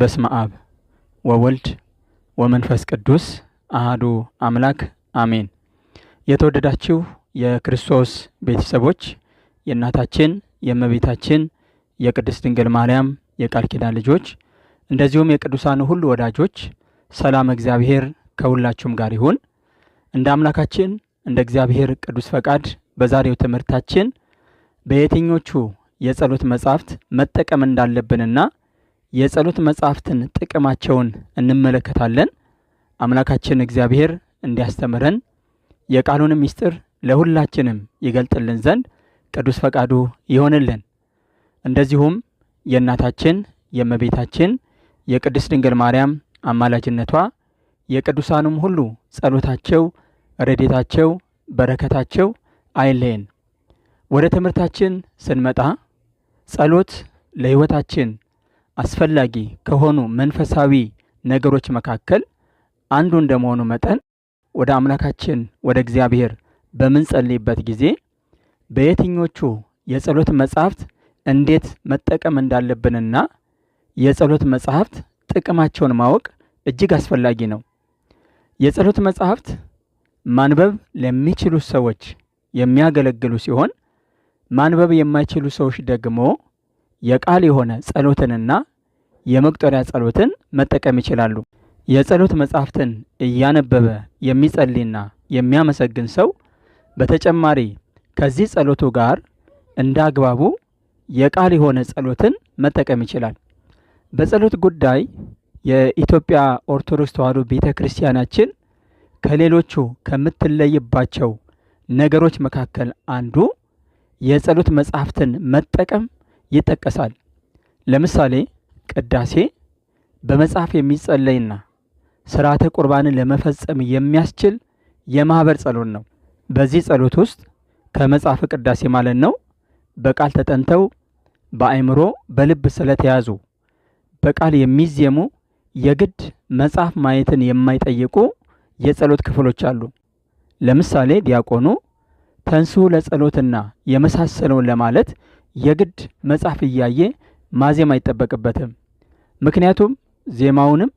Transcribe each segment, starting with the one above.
በስመ አብ ወወልድ ወመንፈስ ቅዱስ አህዱ አምላክ አሜን። የተወደዳችሁ የክርስቶስ ቤተሰቦች የእናታችን የእመቤታችን የቅድስት ድንግል ማርያም የቃል ኪዳን ልጆች እንደዚሁም የቅዱሳን ሁሉ ወዳጆች ሰላም እግዚአብሔር ከሁላችሁም ጋር ይሁን። እንደ አምላካችን እንደ እግዚአብሔር ቅዱስ ፈቃድ በዛሬው ትምህርታችን በየትኞቹ የጸሎት መጻሕፍት መጠቀም እንዳለብንና የጸሎት መጻሕፍትን ጥቅማቸውን እንመለከታለን። አምላካችን እግዚአብሔር እንዲያስተምረን የቃሉን ምስጢር ለሁላችንም ይገልጥልን ዘንድ ቅዱስ ፈቃዱ ይሆንልን። እንደዚሁም የእናታችን የእመቤታችን የቅድስት ድንግል ማርያም አማላጅነቷ የቅዱሳኑም ሁሉ ጸሎታቸው፣ ረዴታቸው፣ በረከታቸው አይለየን። ወደ ትምህርታችን ስንመጣ ጸሎት ለሕይወታችን አስፈላጊ ከሆኑ መንፈሳዊ ነገሮች መካከል አንዱ እንደመሆኑ መጠን ወደ አምላካችን ወደ እግዚአብሔር በምንጸልይበት ጊዜ በየትኞቹ የጸሎት መጻሕፍት እንዴት መጠቀም እንዳለብንና የጸሎት መጻሕፍት ጥቅማቸውን ማወቅ እጅግ አስፈላጊ ነው። የጸሎት መጻሕፍት ማንበብ ለሚችሉ ሰዎች የሚያገለግሉ ሲሆን ማንበብ የማይችሉ ሰዎች ደግሞ የቃል የሆነ ጸሎትንና የመቁጠሪያ ጸሎትን መጠቀም ይችላሉ። የጸሎት መጻሕፍትን እያነበበ የሚጸልይና የሚያመሰግን ሰው በተጨማሪ ከዚህ ጸሎቱ ጋር እንደ አግባቡ የቃል የሆነ ጸሎትን መጠቀም ይችላል። በጸሎት ጉዳይ የኢትዮጵያ ኦርቶዶክስ ተዋሕዶ ቤተ ክርስቲያናችን ከሌሎቹ ከምትለይባቸው ነገሮች መካከል አንዱ የጸሎት መጻሕፍትን መጠቀም ይጠቀሳል። ለምሳሌ ቅዳሴ በመጽሐፍ የሚጸለይና ስርዓተ ቁርባንን ለመፈጸም የሚያስችል የማኅበር ጸሎት ነው። በዚህ ጸሎት ውስጥ ከመጽሐፈ ቅዳሴ ማለት ነው በቃል ተጠንተው በአእምሮ በልብ ስለተያዙ በቃል የሚዜሙ የግድ መጽሐፍ ማየትን የማይጠይቁ የጸሎት ክፍሎች አሉ። ለምሳሌ ዲያቆኑ ተንሱ ለጸሎትና የመሳሰለውን ለማለት የግድ መጽሐፍ እያየ ማዜም አይጠበቅበትም። ምክንያቱም ዜማውንም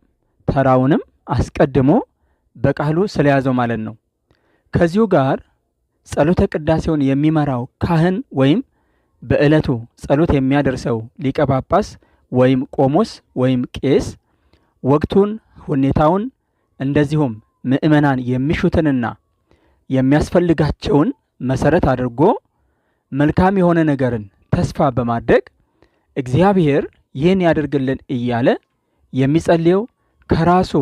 ተራውንም አስቀድሞ በቃሉ ስለያዘው ማለት ነው። ከዚሁ ጋር ጸሎተ ቅዳሴውን የሚመራው ካህን ወይም በዕለቱ ጸሎት የሚያደርሰው ሊቀ ጳጳስ ወይም ቆሞስ ወይም ቄስ ወቅቱን፣ ሁኔታውን እንደዚሁም ምእመናን የሚሹትንና የሚያስፈልጋቸውን መሰረት አድርጎ መልካም የሆነ ነገርን ተስፋ በማድረግ እግዚአብሔር ይህን ያደርግልን እያለ የሚጸልየው ከራሱ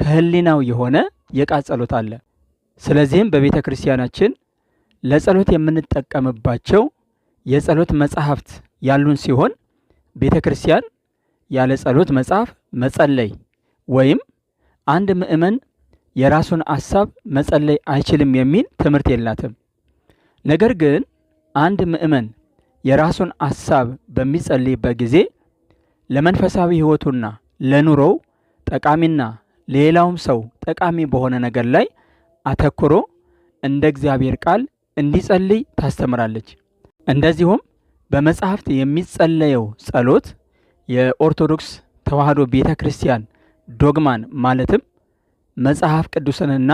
ከህሊናው የሆነ የቃል ጸሎት አለ። ስለዚህም በቤተ ክርስቲያናችን ለጸሎት የምንጠቀምባቸው የጸሎት መጽሐፍት ያሉን ሲሆን ቤተ ክርስቲያን ያለ ጸሎት መጽሐፍ መጸለይ ወይም አንድ ምእመን የራሱን አሳብ መጸለይ አይችልም የሚል ትምህርት የላትም። ነገር ግን አንድ ምእመን የራሱን አሳብ በሚጸልይበት ጊዜ ለመንፈሳዊ ሕይወቱና ለኑሮው ጠቃሚና ሌላውም ሰው ጠቃሚ በሆነ ነገር ላይ አተኩሮ እንደ እግዚአብሔር ቃል እንዲጸልይ ታስተምራለች። እንደዚሁም በመጽሐፍት የሚጸለየው ጸሎት የኦርቶዶክስ ተዋህዶ ቤተ ክርስቲያን ዶግማን ማለትም መጽሐፍ ቅዱስንና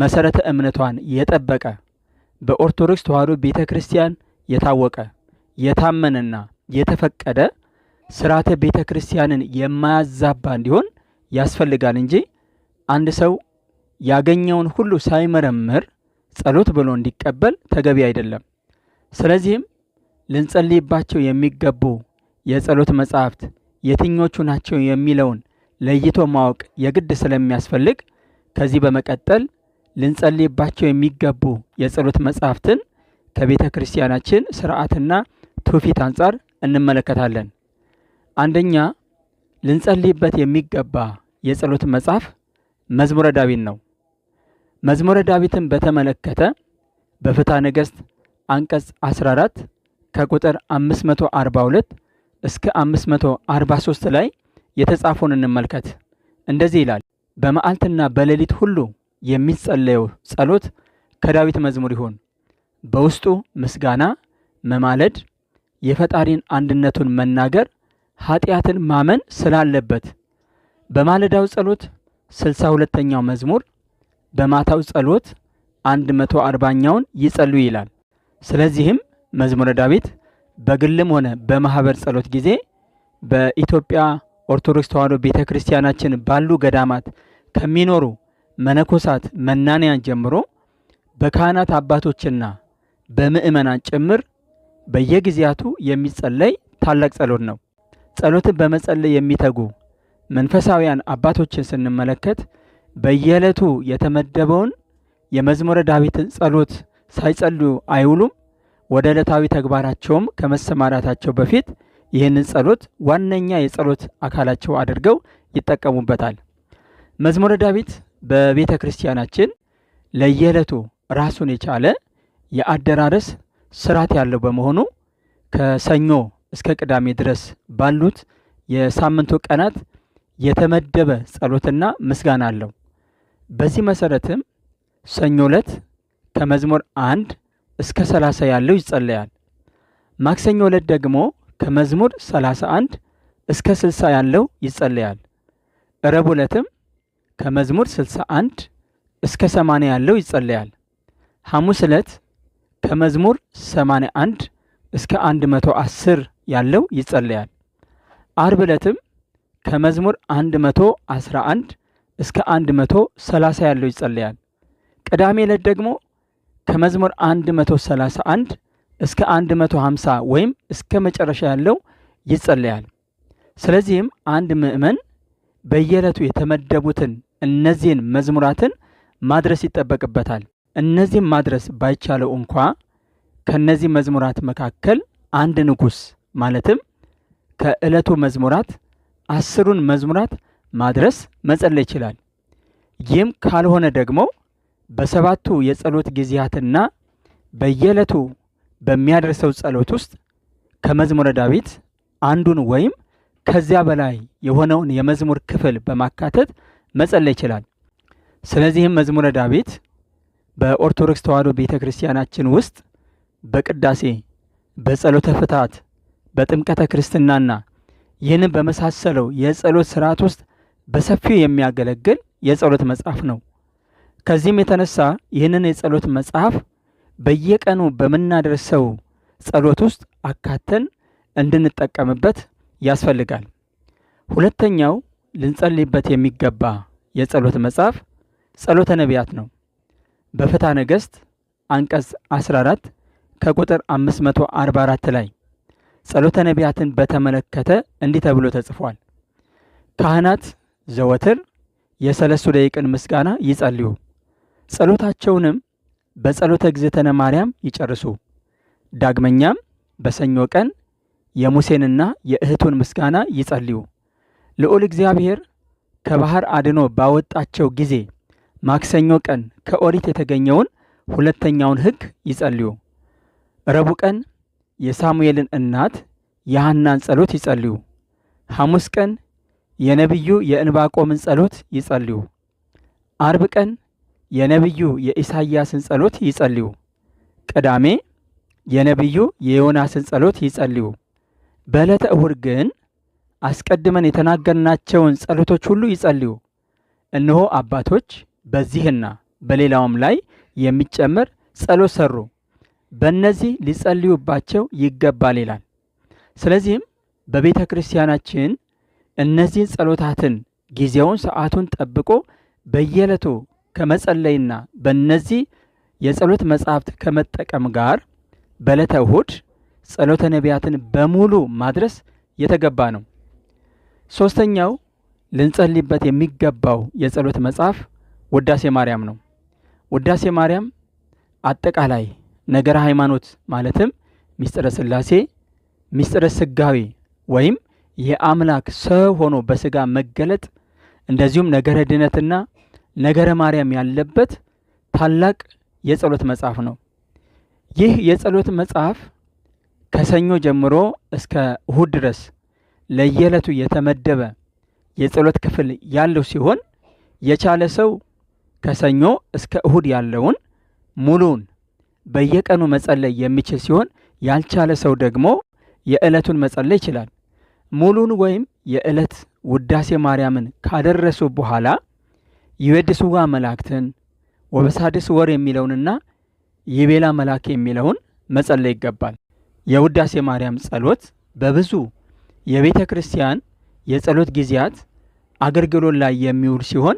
መሠረተ እምነቷን የጠበቀ በኦርቶዶክስ ተዋህዶ ቤተ ክርስቲያን የታወቀ የታመነና የተፈቀደ ስርዓተ ቤተ ክርስቲያንን የማያዛባ እንዲሆን ያስፈልጋል እንጂ አንድ ሰው ያገኘውን ሁሉ ሳይመረምር ጸሎት ብሎ እንዲቀበል ተገቢ አይደለም። ስለዚህም ልንጸልይባቸው የሚገቡ የጸሎት መጻሕፍት የትኞቹ ናቸው የሚለውን ለይቶ ማወቅ የግድ ስለሚያስፈልግ ከዚህ በመቀጠል ልንጸልይባቸው የሚገቡ የጸሎት መጻሕፍትን ከቤተ ክርስቲያናችን ስርዓትና ትውፊት አንጻር እንመለከታለን። አንደኛ ልንጸልይበት የሚገባ የጸሎት መጽሐፍ መዝሙረ ዳዊት ነው። መዝሙረ ዳዊትን በተመለከተ በፍትሐ ነገሥት አንቀጽ 14 ከቁጥር 542 እስከ 543 ላይ የተጻፈውን እንመልከት። እንደዚህ ይላል፣ በመዓልትና በሌሊት ሁሉ የሚጸለየው ጸሎት ከዳዊት መዝሙር ይሁን፣ በውስጡ ምስጋና፣ መማለድ፣ የፈጣሪን አንድነቱን መናገር ኃጢአትን ማመን ስላለበት በማለዳው ጸሎት ስልሳ ሁለተኛው መዝሙር በማታው ጸሎት አንድ መቶ አርባኛውን ይጸሉ ይላል። ስለዚህም መዝሙረ ዳዊት በግልም ሆነ በማኅበር ጸሎት ጊዜ በኢትዮጵያ ኦርቶዶክስ ተዋህዶ ቤተ ክርስቲያናችን ባሉ ገዳማት ከሚኖሩ መነኮሳት መናንያን ጀምሮ በካህናት አባቶችና በምእመናን ጭምር በየጊዜያቱ የሚጸለይ ታላቅ ጸሎት ነው። ጸሎትን በመጸለይ የሚተጉ መንፈሳዊያን አባቶችን ስንመለከት በየዕለቱ የተመደበውን የመዝሙረ ዳዊትን ጸሎት ሳይጸልዩ አይውሉም። ወደ ዕለታዊ ተግባራቸውም ከመሰማራታቸው በፊት ይህንን ጸሎት ዋነኛ የጸሎት አካላቸው አድርገው ይጠቀሙበታል። መዝሙረ ዳዊት በቤተ ክርስቲያናችን ለየዕለቱ ራሱን የቻለ የአደራረስ ስርዓት ያለው በመሆኑ ከሰኞ እስከ ቅዳሜ ድረስ ባሉት የሳምንቱ ቀናት የተመደበ ጸሎትና ምስጋና አለው። በዚህ መሰረትም ሰኞ ዕለት ከመዝሙር አንድ እስከ 30 ያለው ይጸለያል። ማክሰኞ ዕለት ደግሞ ከመዝሙር 31 እስከ 60 ያለው ይጸለያል። ረብ ዕለትም ከመዝሙር 61 እስከ 80 ያለው ይጸለያል። ሐሙስ ዕለት ከመዝሙር 81 እስከ 110 ያለው ይጸለያል። አርብ ዕለትም ከመዝሙር 111 እስከ 130 ያለው ይጸለያል። ቅዳሜ ዕለት ደግሞ ከመዝሙር 131 እስከ 150 ወይም እስከ መጨረሻ ያለው ይጸለያል። ስለዚህም አንድ ምእመን በየዕለቱ የተመደቡትን እነዚህን መዝሙራትን ማድረስ ይጠበቅበታል። እነዚህም ማድረስ ባይቻለው እንኳ ከእነዚህ መዝሙራት መካከል አንድ ንጉሥ ማለትም ከዕለቱ መዝሙራት አስሩን መዝሙራት ማድረስ መጸለይ ይችላል። ይህም ካልሆነ ደግሞ በሰባቱ የጸሎት ጊዜያትና በየዕለቱ በሚያደርሰው ጸሎት ውስጥ ከመዝሙረ ዳዊት አንዱን ወይም ከዚያ በላይ የሆነውን የመዝሙር ክፍል በማካተት መጸለይ ይችላል። ስለዚህም መዝሙረ ዳዊት በኦርቶዶክስ ተዋሕዶ ቤተ ክርስቲያናችን ውስጥ በቅዳሴ፣ በጸሎተ ፍትሐት፣ በጥምቀተ ክርስትናና ይህንን በመሳሰለው የጸሎት ስርዓት ውስጥ በሰፊው የሚያገለግል የጸሎት መጽሐፍ ነው። ከዚህም የተነሳ ይህንን የጸሎት መጽሐፍ በየቀኑ በምናደርሰው ጸሎት ውስጥ አካተን እንድንጠቀምበት ያስፈልጋል። ሁለተኛው ልንጸልይበት የሚገባ የጸሎት መጽሐፍ ጸሎተ ነቢያት ነው። በፍትሐ ነገሥት አንቀጽ 14 ከቁጥር 544 ላይ ጸሎተ ነቢያትን በተመለከተ እንዲህ ተብሎ ተጽፏል። ካህናት ዘወትር የሰለስቱ ደቂቅን ምስጋና ይጸልዩ፣ ጸሎታቸውንም በጸሎተ እግዝእትነ ማርያም ይጨርሱ። ዳግመኛም በሰኞ ቀን የሙሴንና የእህቱን ምስጋና ይጸልዩ። ልዑል እግዚአብሔር ከባሕር አድኖ ባወጣቸው ጊዜ ማክሰኞ ቀን ከኦሪት የተገኘውን ሁለተኛውን ሕግ ይጸልዩ። ረቡዕ ቀን የሳሙኤልን እናት የሐናን ጸሎት ይጸልዩ። ሐሙስ ቀን የነቢዩ የእንባቆምን ጸሎት ይጸልዩ። አርብ ቀን የነቢዩ የኢሳይያስን ጸሎት ይጸልዩ። ቅዳሜ የነቢዩ የዮናስን ጸሎት ይጸልዩ። በዕለተ እሁድ ግን አስቀድመን የተናገርናቸውን ጸሎቶች ሁሉ ይጸልዩ። እነሆ አባቶች በዚህና በሌላውም ላይ የሚጨመር ጸሎት ሰሩ፣ በእነዚህ ሊጸልዩባቸው ይገባል ይላል። ስለዚህም በቤተ ክርስቲያናችን እነዚህን ጸሎታትን ጊዜውን ሰዓቱን ጠብቆ በየዕለቱ ከመጸለይና በእነዚህ የጸሎት መጻሕፍት ከመጠቀም ጋር በዕለተ እሁድ ጸሎተ ነቢያትን በሙሉ ማድረስ የተገባ ነው። ሦስተኛው ልንጸልይበት የሚገባው የጸሎት መጽሐፍ ውዳሴ ማርያም ነው። ውዳሴ ማርያም አጠቃላይ ነገረ ሃይማኖት ማለትም ሚስጥረ ስላሴ ሚስጥረ ስጋዌ ወይም የአምላክ ሰው ሆኖ በስጋ መገለጥ እንደዚሁም ነገረ ድነትና ነገረ ማርያም ያለበት ታላቅ የጸሎት መጽሐፍ ነው። ይህ የጸሎት መጽሐፍ ከሰኞ ጀምሮ እስከ እሁድ ድረስ ለየዕለቱ የተመደበ የጸሎት ክፍል ያለው ሲሆን የቻለ ሰው ከሰኞ እስከ እሁድ ያለውን ሙሉን በየቀኑ መጸለይ የሚችል ሲሆን ያልቻለ ሰው ደግሞ የዕለቱን መጸለይ ይችላል። ሙሉን ወይም የዕለት ውዳሴ ማርያምን ካደረሱ በኋላ ይቤድስዋ መላእክትን ወበሳድስ ወር የሚለውንና ይቤላ መልአክ የሚለውን መጸለይ ይገባል። የውዳሴ ማርያም ጸሎት በብዙ የቤተ ክርስቲያን የጸሎት ጊዜያት አገልግሎት ላይ የሚውል ሲሆን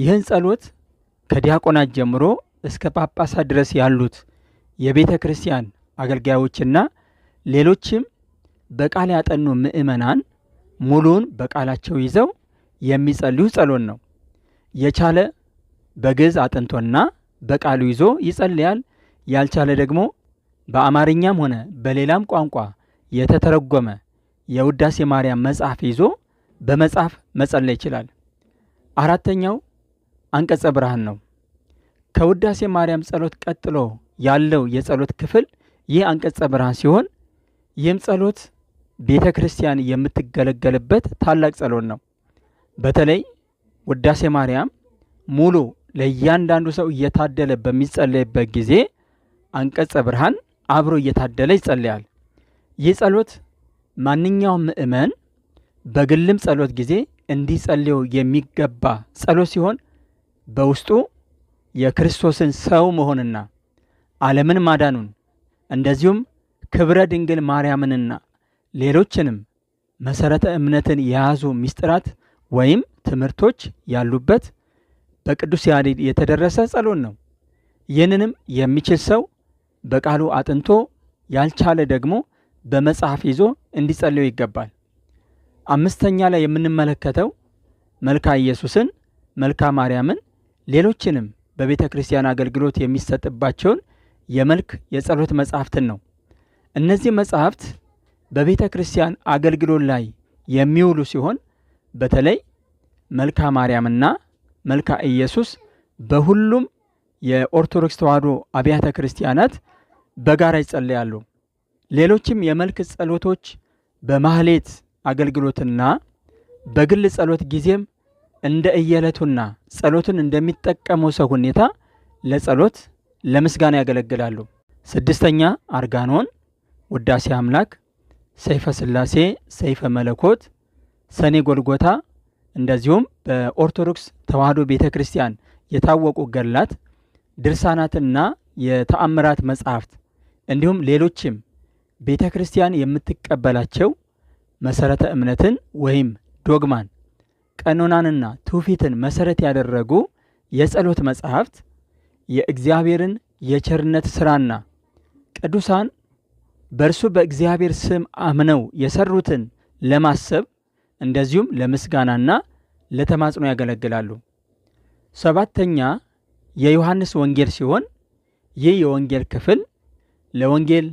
ይህን ጸሎት ከዲያቆናት ጀምሮ እስከ ጳጳሳት ድረስ ያሉት የቤተ ክርስቲያን አገልጋዮችና ሌሎችም በቃል ያጠኑ ምእመናን ሙሉውን በቃላቸው ይዘው የሚጸልዩ ጸሎን ነው። የቻለ በግዕዝ አጥንቶና በቃሉ ይዞ ይጸልያል። ያልቻለ ደግሞ በአማርኛም ሆነ በሌላም ቋንቋ የተተረጎመ የውዳሴ ማርያም መጽሐፍ ይዞ በመጽሐፍ መጸለይ ይችላል። አራተኛው አንቀጸ ብርሃን ነው። ከውዳሴ ማርያም ጸሎት ቀጥሎ ያለው የጸሎት ክፍል ይህ አንቀጸ ብርሃን ሲሆን ይህም ጸሎት ቤተ ክርስቲያን የምትገለገልበት ታላቅ ጸሎት ነው። በተለይ ውዳሴ ማርያም ሙሉ ለእያንዳንዱ ሰው እየታደለ በሚጸለይበት ጊዜ አንቀጸ ብርሃን አብሮ እየታደለ ይጸለያል። ይህ ጸሎት ማንኛውም ምእመን በግልም ጸሎት ጊዜ እንዲጸልየው የሚገባ ጸሎት ሲሆን በውስጡ የክርስቶስን ሰው መሆንና ዓለምን ማዳኑን እንደዚሁም ክብረ ድንግል ማርያምንና ሌሎችንም መሰረተ እምነትን የያዙ ምስጢራት ወይም ትምህርቶች ያሉበት በቅዱስ ያሬድ የተደረሰ ጸሎን ነው። ይህንንም የሚችል ሰው በቃሉ አጥንቶ ያልቻለ ደግሞ በመጽሐፍ ይዞ እንዲጸልዩ ይገባል። አምስተኛ ላይ የምንመለከተው መልካ ኢየሱስን፣ መልካ ማርያምን ሌሎችንም በቤተ ክርስቲያን አገልግሎት የሚሰጥባቸውን የመልክ የጸሎት መጻሕፍትን ነው። እነዚህ መጻሕፍት በቤተ ክርስቲያን አገልግሎት ላይ የሚውሉ ሲሆን በተለይ መልካ ማርያምና መልካ ኢየሱስ በሁሉም የኦርቶዶክስ ተዋሕዶ አብያተ ክርስቲያናት በጋራ ይጸለያሉ። ሌሎችም የመልክ ጸሎቶች በማህሌት አገልግሎትና በግል ጸሎት ጊዜም እንደ እየለቱና ጸሎትን እንደሚጠቀመው ሰው ሁኔታ ለጸሎት ለምስጋና ያገለግላሉ። ስድስተኛ አርጋኖን፣ ውዳሴ አምላክ፣ ሰይፈ ስላሴ፣ ሰይፈ መለኮት፣ ሰኔ ጎልጎታ እንደዚሁም በኦርቶዶክስ ተዋህዶ ቤተ ክርስቲያን የታወቁ ገላት ድርሳናትና የተአምራት መጻሕፍት እንዲሁም ሌሎችም ቤተ ክርስቲያን የምትቀበላቸው መሠረተ እምነትን ወይም ዶግማን ቀኖናንና ትውፊትን መሰረት ያደረጉ የጸሎት መጻሕፍት የእግዚአብሔርን የቸርነት ሥራና ቅዱሳን በእርሱ በእግዚአብሔር ስም አምነው የሰሩትን ለማሰብ እንደዚሁም ለምስጋናና ለተማጽኖ ያገለግላሉ። ሰባተኛ የዮሐንስ ወንጌል ሲሆን ይህ የወንጌል ክፍል ለወንጌል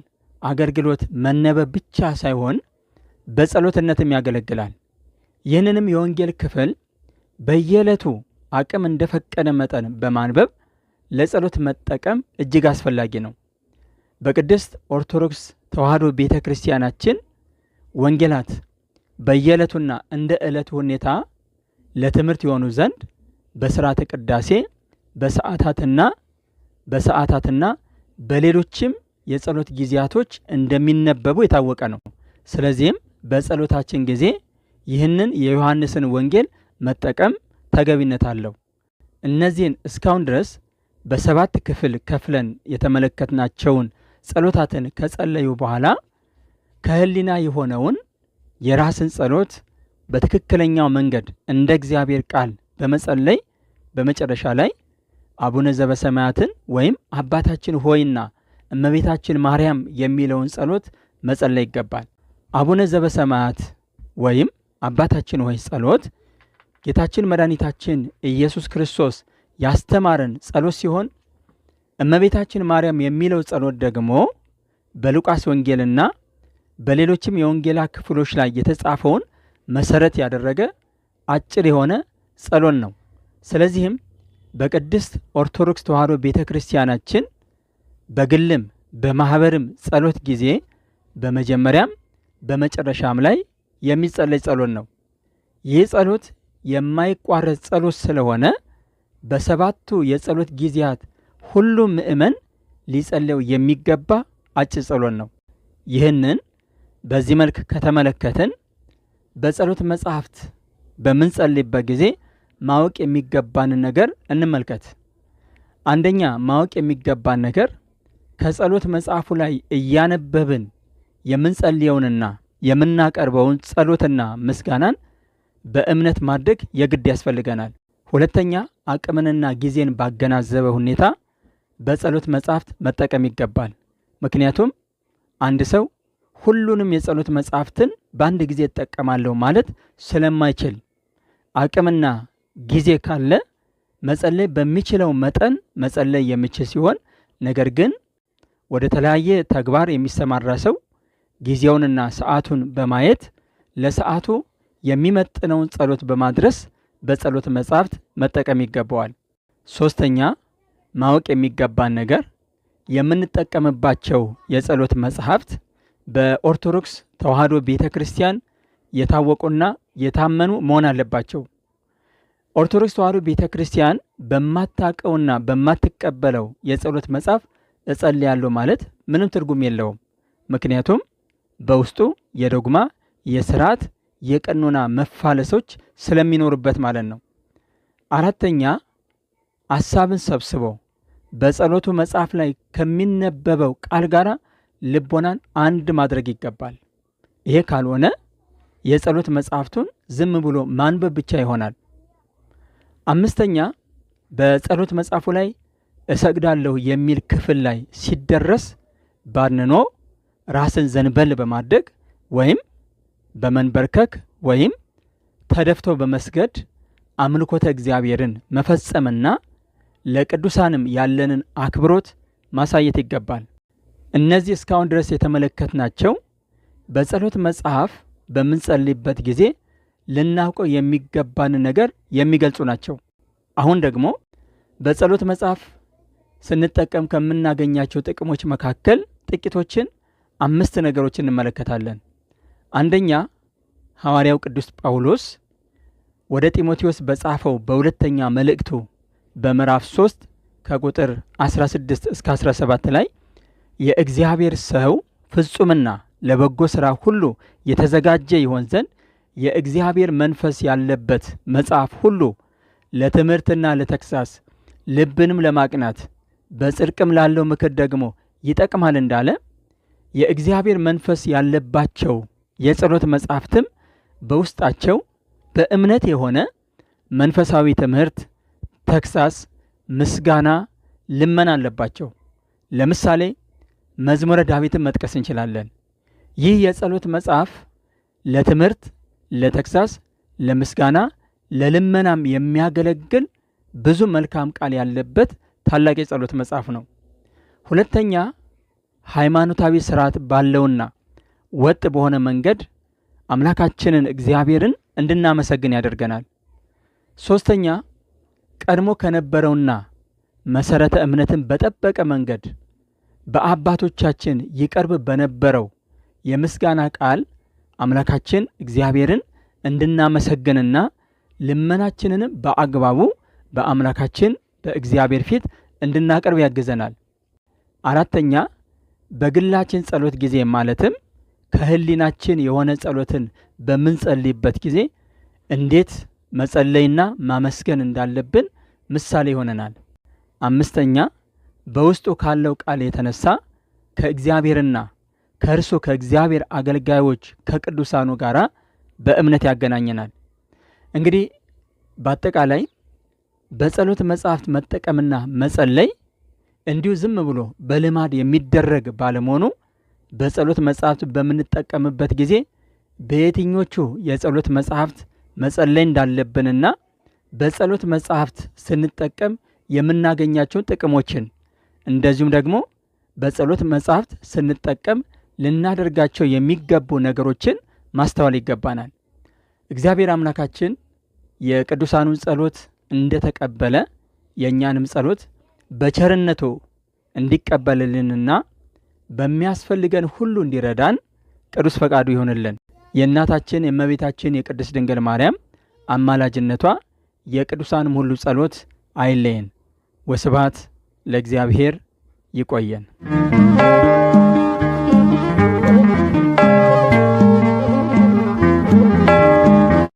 አገልግሎት መነበብ ብቻ ሳይሆን በጸሎትነትም ያገለግላል። ይህንንም የወንጌል ክፍል በየዕለቱ አቅም እንደፈቀደ መጠን በማንበብ ለጸሎት መጠቀም እጅግ አስፈላጊ ነው። በቅድስት ኦርቶዶክስ ተዋህዶ ቤተ ክርስቲያናችን ወንጌላት በየዕለቱና እንደ ዕለቱ ሁኔታ ለትምህርት የሆኑ ዘንድ በስርዓተ ቅዳሴ በሰዓታትና በሰዓታትና በሌሎችም የጸሎት ጊዜያቶች እንደሚነበቡ የታወቀ ነው። ስለዚህም በጸሎታችን ጊዜ ይህንን የዮሐንስን ወንጌል መጠቀም ተገቢነት አለው። እነዚህን እስካሁን ድረስ በሰባት ክፍል ከፍለን የተመለከትናቸውን ጸሎታትን ከጸለዩ በኋላ ከህሊና የሆነውን የራስን ጸሎት በትክክለኛው መንገድ እንደ እግዚአብሔር ቃል በመጸለይ በመጨረሻ ላይ አቡነ ዘበሰማያትን ወይም አባታችን ሆይና እመቤታችን ማርያም የሚለውን ጸሎት መጸለይ ይገባል። አቡነ ዘበሰማያት ወይም አባታችን ሆይ ጸሎት ጌታችን መድኃኒታችን ኢየሱስ ክርስቶስ ያስተማረን ጸሎት ሲሆን እመቤታችን ማርያም የሚለው ጸሎት ደግሞ በሉቃስ ወንጌልና በሌሎችም የወንጌላ ክፍሎች ላይ የተጻፈውን መሰረት ያደረገ አጭር የሆነ ጸሎት ነው። ስለዚህም በቅድስት ኦርቶዶክስ ተዋሕዶ ቤተ ክርስቲያናችን በግልም በማኅበርም ጸሎት ጊዜ በመጀመሪያም በመጨረሻም ላይ የሚጸለይ ጸሎት ነው። ይህ ጸሎት የማይቋረጥ ጸሎት ስለሆነ በሰባቱ የጸሎት ጊዜያት ሁሉም ምእመን ሊጸለው የሚገባ አጭር ጸሎት ነው። ይህንን በዚህ መልክ ከተመለከትን በጸሎት መጻሕፍት በምንጸልይበት ጊዜ ማወቅ የሚገባንን ነገር እንመልከት። አንደኛ ማወቅ የሚገባን ነገር ከጸሎት መጽሐፉ ላይ እያነበብን የምንጸልየውንና የምናቀርበውን ጸሎትና ምስጋናን በእምነት ማድረግ የግድ ያስፈልገናል። ሁለተኛ አቅምንና ጊዜን ባገናዘበ ሁኔታ በጸሎት መጻሕፍት መጠቀም ይገባል። ምክንያቱም አንድ ሰው ሁሉንም የጸሎት መጻሕፍትን በአንድ ጊዜ እጠቀማለሁ ማለት ስለማይችል አቅምና ጊዜ ካለ መጸለይ በሚችለው መጠን መጸለይ የሚችል ሲሆን ነገር ግን ወደ ተለያየ ተግባር የሚሰማራ ሰው ጊዜውንና ሰዓቱን በማየት ለሰዓቱ የሚመጥነውን ጸሎት በማድረስ በጸሎት መጻሕፍት መጠቀም ይገባዋል። ሶስተኛ ማወቅ የሚገባን ነገር የምንጠቀምባቸው የጸሎት መጻሕፍት በኦርቶዶክስ ተዋሕዶ ቤተ ክርስቲያን የታወቁና የታመኑ መሆን አለባቸው። ኦርቶዶክስ ተዋሕዶ ቤተ ክርስቲያን በማታቀውና በማትቀበለው የጸሎት መጽሐፍ እጸልያለሁ ማለት ምንም ትርጉም የለውም። ምክንያቱም በውስጡ የዶግማ የስርዓት የቀኖና መፋለሶች ስለሚኖርበት ማለት ነው። አራተኛ አሳብን ሰብስቦ በጸሎቱ መጽሐፍ ላይ ከሚነበበው ቃል ጋር ልቦናን አንድ ማድረግ ይገባል። ይሄ ካልሆነ የጸሎት መጽሐፍቱን ዝም ብሎ ማንበብ ብቻ ይሆናል። አምስተኛ በጸሎት መጽሐፉ ላይ እሰግዳለሁ የሚል ክፍል ላይ ሲደረስ ባንኖ ራስን ዘንበል በማድረግ ወይም በመንበርከክ ወይም ተደፍቶ በመስገድ አምልኮተ እግዚአብሔርን መፈጸምና ለቅዱሳንም ያለንን አክብሮት ማሳየት ይገባል። እነዚህ እስካሁን ድረስ የተመለከትናቸው በጸሎት መጽሐፍ በምንጸልይበት ጊዜ ልናውቀው የሚገባንን ነገር የሚገልጹ ናቸው። አሁን ደግሞ በጸሎት መጽሐፍ ስንጠቀም ከምናገኛቸው ጥቅሞች መካከል ጥቂቶችን አምስት ነገሮችን እንመለከታለን። አንደኛ ሐዋርያው ቅዱስ ጳውሎስ ወደ ጢሞቴዎስ በጻፈው በሁለተኛ መልእክቱ በምዕራፍ 3 ከቁጥር 16 እስከ 17 ላይ የእግዚአብሔር ሰው ፍጹምና ለበጎ ሥራ ሁሉ የተዘጋጀ ይሆን ዘንድ የእግዚአብሔር መንፈስ ያለበት መጽሐፍ ሁሉ ለትምህርትና ለተግሣጽ ልብንም ለማቅናት በጽድቅም ላለው ምክር ደግሞ ይጠቅማል እንዳለ የእግዚአብሔር መንፈስ ያለባቸው የጸሎት መጻሕፍትም በውስጣቸው በእምነት የሆነ መንፈሳዊ ትምህርት፣ ተግሳስ፣ ምስጋና፣ ልመና አለባቸው። ለምሳሌ መዝሙረ ዳዊትን መጥቀስ እንችላለን። ይህ የጸሎት መጽሐፍ ለትምህርት፣ ለተግሳስ፣ ለምስጋና፣ ለልመናም የሚያገለግል ብዙ መልካም ቃል ያለበት ታላቅ የጸሎት መጽሐፍ ነው። ሁለተኛ ሃይማኖታዊ ስርዓት ባለውና ወጥ በሆነ መንገድ አምላካችንን እግዚአብሔርን እንድናመሰግን ያደርገናል። ሶስተኛ ቀድሞ ከነበረውና መሰረተ እምነትን በጠበቀ መንገድ በአባቶቻችን ይቀርብ በነበረው የምስጋና ቃል አምላካችን እግዚአብሔርን እንድናመሰግንና ልመናችንንም በአግባቡ በአምላካችን በእግዚአብሔር ፊት እንድናቀርብ ያግዘናል። አራተኛ በግላችን ጸሎት ጊዜ ማለትም ከህሊናችን የሆነ ጸሎትን በምንጸልይበት ጊዜ እንዴት መጸለይና ማመስገን እንዳለብን ምሳሌ ይሆነናል። አምስተኛ በውስጡ ካለው ቃል የተነሳ ከእግዚአብሔርና ከእርሱ ከእግዚአብሔር አገልጋዮች ከቅዱሳኑ ጋር በእምነት ያገናኘናል። እንግዲህ በአጠቃላይ በጸሎት መጻሕፍት መጠቀምና መጸለይ እንዲሁ ዝም ብሎ በልማድ የሚደረግ ባለመሆኑ በጸሎት መጽሐፍት በምንጠቀምበት ጊዜ በየትኞቹ የጸሎት መጽሐፍት መጸለይ እንዳለብንና በጸሎት መጽሐፍት ስንጠቀም የምናገኛቸውን ጥቅሞችን እንደዚሁም ደግሞ በጸሎት መጽሐፍት ስንጠቀም ልናደርጋቸው የሚገቡ ነገሮችን ማስተዋል ይገባናል። እግዚአብሔር አምላካችን የቅዱሳኑን ጸሎት እንደተቀበለ የእኛንም ጸሎት በቸርነቱ እንዲቀበልልንና በሚያስፈልገን ሁሉ እንዲረዳን ቅዱስ ፈቃዱ ይሆንልን። የእናታችን የእመቤታችን የቅድስት ድንግል ማርያም አማላጅነቷ የቅዱሳንም ሁሉ ጸሎት አይለየን። ወስብሐት ለእግዚአብሔር። ይቆየን።